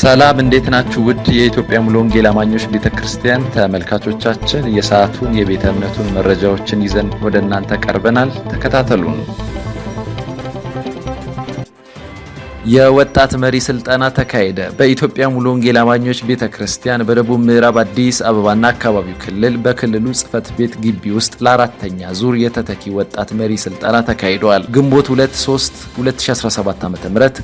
ሰላም እንዴት ናችሁ? ውድ የኢትዮጵያ ሙሉ ወንጌል አማኞች ቤተ ክርስቲያን ተመልካቾቻችን የሰዓቱን የቤተ እምነቱን መረጃዎችን ይዘን ወደ እናንተ ቀርበናል። ተከታተሉን። የወጣት መሪ ስልጠና ተካሄደ። በኢትዮጵያ ሙሉ ወንጌል አማኞች ቤተ ክርስቲያን በደቡብ ምዕራብ አዲስ አበባና አካባቢው ክልል በክልሉ ጽህፈት ቤት ግቢ ውስጥ ለአራተኛ ዙር የተተኪ ወጣት መሪ ስልጠና ተካሂደዋል። ግንቦት 23 2017 ዓ ም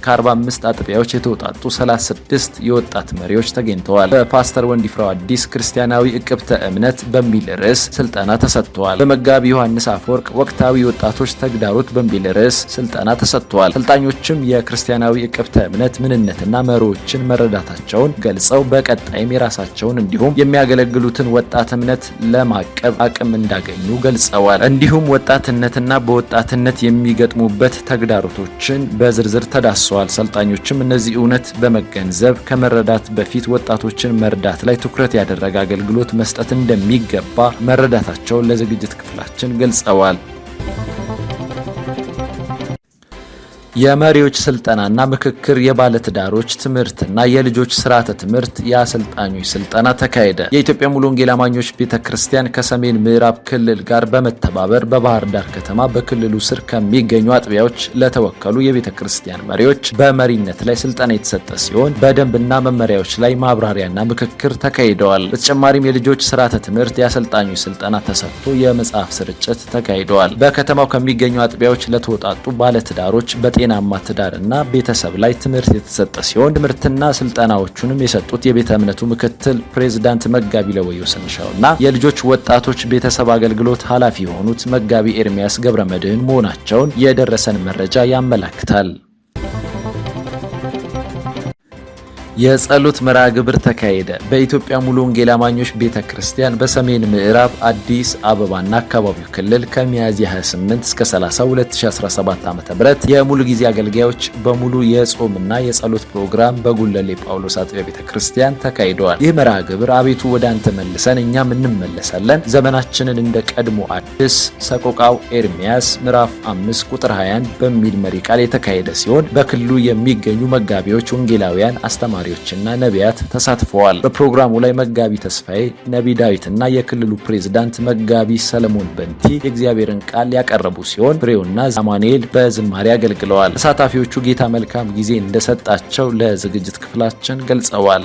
ከ45 አጥቢያዎች የተውጣጡ 36 የወጣት መሪዎች ተገኝተዋል። በፓስተር ወንዲፍራው አዲስ ክርስቲያናዊ እቅብተ እምነት በሚል ርዕስ ስልጠና ተሰጥተዋል። በመጋቢ ዮሐንስ አፈወርቅ ወቅታዊ ወጣቶች ተግዳሮት በሚል ርዕስ ስልጠና ተሰጥተዋል። ስልጣኞችም የክርስቲያና የዘመናዊ የቅብተ እምነት ምንነትና መሪዎችን መረዳታቸውን ገልጸው በቀጣይም የራሳቸውን እንዲሁም የሚያገለግሉትን ወጣት እምነት ለማቀብ አቅም እንዳገኙ ገልጸዋል። እንዲሁም ወጣትነትና በወጣትነት የሚገጥሙበት ተግዳሮቶችን በዝርዝር ተዳስሰዋል። ሰልጣኞችም እነዚህ እውነት በመገንዘብ ከመረዳት በፊት ወጣቶችን መርዳት ላይ ትኩረት ያደረገ አገልግሎት መስጠት እንደሚገባ መረዳታቸውን ለዝግጅት ክፍላችን ገልጸዋል። የመሪዎች ስልጠናና ምክክር፣ የባለትዳሮች ትምህርትና የልጆች ስርዓተ ትምህርት፣ የአሰልጣኞች ስልጠና ተካሄደ። የኢትዮጵያ ሙሉ ወንጌል አማኞች ቤተ ክርስቲያን ከሰሜን ምዕራብ ክልል ጋር በመተባበር በባህር ዳር ከተማ በክልሉ ስር ከሚገኙ አጥቢያዎች ለተወከሉ የቤተ ክርስቲያን መሪዎች በመሪነት ላይ ስልጠና የተሰጠ ሲሆን በደንብና መመሪያዎች ላይ ማብራሪያና ምክክር ተካሂደዋል። በተጨማሪም የልጆች ስርዓተ ትምህርት፣ የአሰልጣኞች ስልጠና ተሰጥቶ የመጽሐፍ ስርጭት ተካሂደዋል። በከተማው ከሚገኙ አጥቢያዎች ለተወጣጡ ባለትዳሮች በጤና ጤናማ ትዳርና እና ቤተሰብ ላይ ትምህርት የተሰጠ ሲሆን ትምህርትና ስልጠናዎቹንም የሰጡት የቤተ እምነቱ ምክትል ፕሬዝዳንት መጋቢ ለወዮ ስንሻው እና የልጆች ወጣቶች ቤተሰብ አገልግሎት ኃላፊ የሆኑት መጋቢ ኤርሚያስ ገብረ መድህን መሆናቸውን የደረሰን መረጃ ያመላክታል። የጸሎት መርሃ ግብር ተካሄደ። በኢትዮጵያ ሙሉ ወንጌል አማኞች ቤተ ክርስቲያን በሰሜን ምዕራብ አዲስ አበባና አካባቢው ክልል ከሚያዝያ 28 እስከ 30 2017 ዓ.ም የሙሉ ጊዜ አገልጋዮች በሙሉ የጾምና የጸሎት ፕሮግራም በጉለሌ ጳውሎስ አጥቢያ ቤተ ክርስቲያን ተካሂደዋል። ይህ መርሃ ግብር አቤቱ ወደ አንተ መልሰን እኛም እንመለሳለን፣ ዘመናችንን እንደ ቀድሞ አዲስ፣ ሰቆቃው ኤርሚያስ ምዕራፍ 5 ቁጥር 21 በሚል መሪ ቃል የተካሄደ ሲሆን በክልሉ የሚገኙ መጋቢዎች፣ ወንጌላውያን፣ አስተማሪ መሪዎችና ነቢያት ተሳትፈዋል። በፕሮግራሙ ላይ መጋቢ ተስፋዬ፣ ነቢ ዳዊትና የክልሉ ፕሬዝዳንት መጋቢ ሰለሞን በንቲ የእግዚአብሔርን ቃል ያቀረቡ ሲሆን ፍሬውና አማኑኤል በዝማሬ አገልግለዋል። ተሳታፊዎቹ ጌታ መልካም ጊዜ እንደሰጣቸው ለዝግጅት ክፍላችን ገልጸዋል።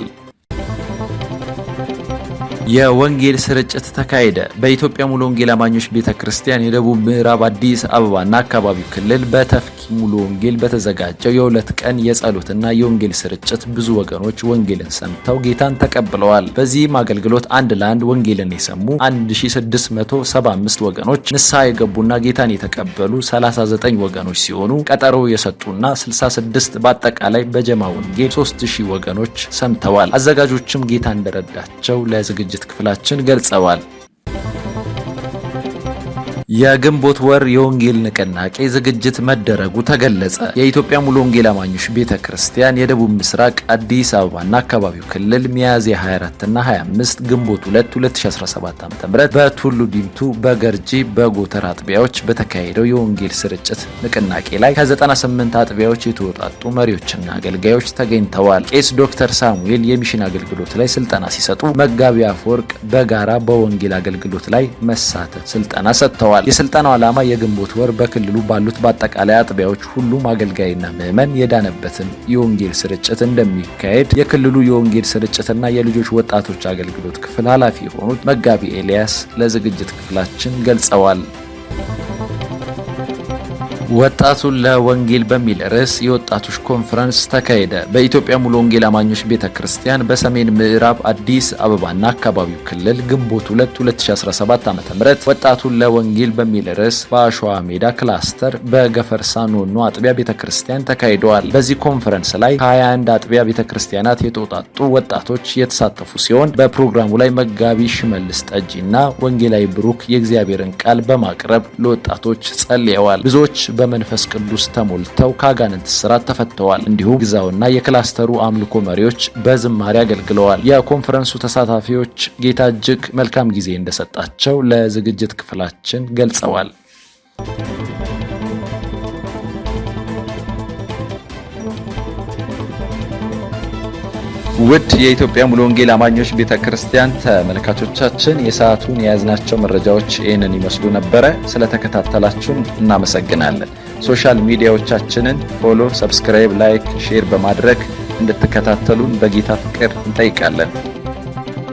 የወንጌል ስርጭት ተካሄደ። በኢትዮጵያ ሙሉ ወንጌል አማኞች ቤተ ክርስቲያን የደቡብ ምዕራብ አዲስ አበባና አካባቢው ክልል በተፍኪ ሙሉ ወንጌል በተዘጋጀው የሁለት ቀን የጸሎትና የወንጌል ስርጭት ብዙ ወገኖች ወንጌልን ሰምተው ጌታን ተቀብለዋል። በዚህም አገልግሎት አንድ ለአንድ ወንጌልን የሰሙ 1675 ወገኖች፣ ንስሐ የገቡና ጌታን የተቀበሉ 39 ወገኖች ሲሆኑ ቀጠሮ የሰጡና 66 በአጠቃላይ በጀማ ወንጌል 3000 ወገኖች ሰምተዋል። አዘጋጆችም ጌታ እንደረዳቸው ለዝግጅት የዝግጅት ክፍላችን ገልጸዋል። የግንቦት ወር የወንጌል ንቅናቄ ዝግጅት መደረጉ ተገለጸ። የኢትዮጵያ ሙሉ ወንጌል አማኞች ቤተ ክርስቲያን የደቡብ ምስራቅ አዲስ አበባና አካባቢው ክልል ሚያዝያ 24 እና 25 ግንቦት 2 2017 ዓ.ም በቱሉ ዲምቱ፣ በገርጂ፣ በጎተር አጥቢያዎች በተካሄደው የወንጌል ስርጭት ንቅናቄ ላይ ከ98 አጥቢያዎች የተወጣጡ መሪዎችና አገልጋዮች ተገኝተዋል። ቄስ ዶክተር ሳሙኤል የሚሽን አገልግሎት ላይ ስልጠና ሲሰጡ፣ መጋቢ አፈወርቅ በጋራ በወንጌል አገልግሎት ላይ መሳተፍ ስልጠና ሰጥተዋል። የስልጠናው ዓላማ የግንቦት ወር በክልሉ ባሉት በአጠቃላይ አጥቢያዎች ሁሉም አገልጋይና ምዕመን የዳነበትን የወንጌል ስርጭት እንደሚካሄድ የክልሉ የወንጌል ስርጭትና የልጆች ወጣቶች አገልግሎት ክፍል ኃላፊ የሆኑት መጋቢ ኤልያስ ለዝግጅት ክፍላችን ገልጸዋል። ወጣቱን ለወንጌል በሚል ርዕስ የወጣቶች ኮንፈረንስ ተካሄደ። በኢትዮጵያ ሙሉ ወንጌል አማኞች ቤተ ክርስቲያን በሰሜን ምዕራብ አዲስ አበባና አካባቢው ክልል ግንቦት 2 2017 ዓ.ም ወጣቱን ለወንጌል በሚል ርዕስ በአሸዋ ሜዳ ክላስተር በገፈርሳ ኖኖ አጥቢያ ቤተ ክርስቲያን ተካሂደዋል። በዚህ ኮንፈረንስ ላይ 21 አጥቢያ ቤተ ክርስቲያናት የተውጣጡ ወጣቶች የተሳተፉ ሲሆን በፕሮግራሙ ላይ መጋቢ ሽመልስ ጠጂና ወንጌላዊ ብሩክ የእግዚአብሔርን ቃል በማቅረብ ለወጣቶች ጸልየዋል። ብዙዎች በመንፈስ ቅዱስ ተሞልተው ከአጋንንት ስራት ተፈተዋል። እንዲሁም ግዛውና የክላስተሩ አምልኮ መሪዎች በዝማሬ አገልግለዋል። የኮንፈረንሱ ተሳታፊዎች ጌታ እጅግ መልካም ጊዜ እንደሰጣቸው ለዝግጅት ክፍላችን ገልጸዋል። ውድ የኢትዮጵያ ሙሉ ወንጌል አማኞች ቤተ ክርስቲያን ተመልካቾቻችን የሰዓቱን የያዝናቸው መረጃዎች ይህንን ይመስሉ ነበረ። ስለተከታተላችሁን እናመሰግናለን። ሶሻል ሚዲያዎቻችንን ፎሎ፣ ሰብስክራይብ፣ ላይክ፣ ሼር በማድረግ እንድትከታተሉን በጌታ ፍቅር እንጠይቃለን።